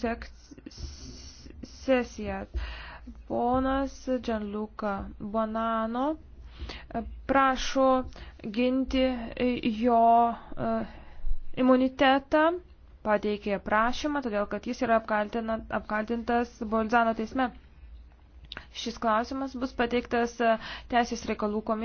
sek, sesijas. Ponas Gianluca Bonano e, prašo ginti jo e, imunitetą, pateikė prašymą, todėl kad jis yra apkaltintas Bolzano teisme. Šis klausimas bus pateiktas e, Teisės reikalų komisijos.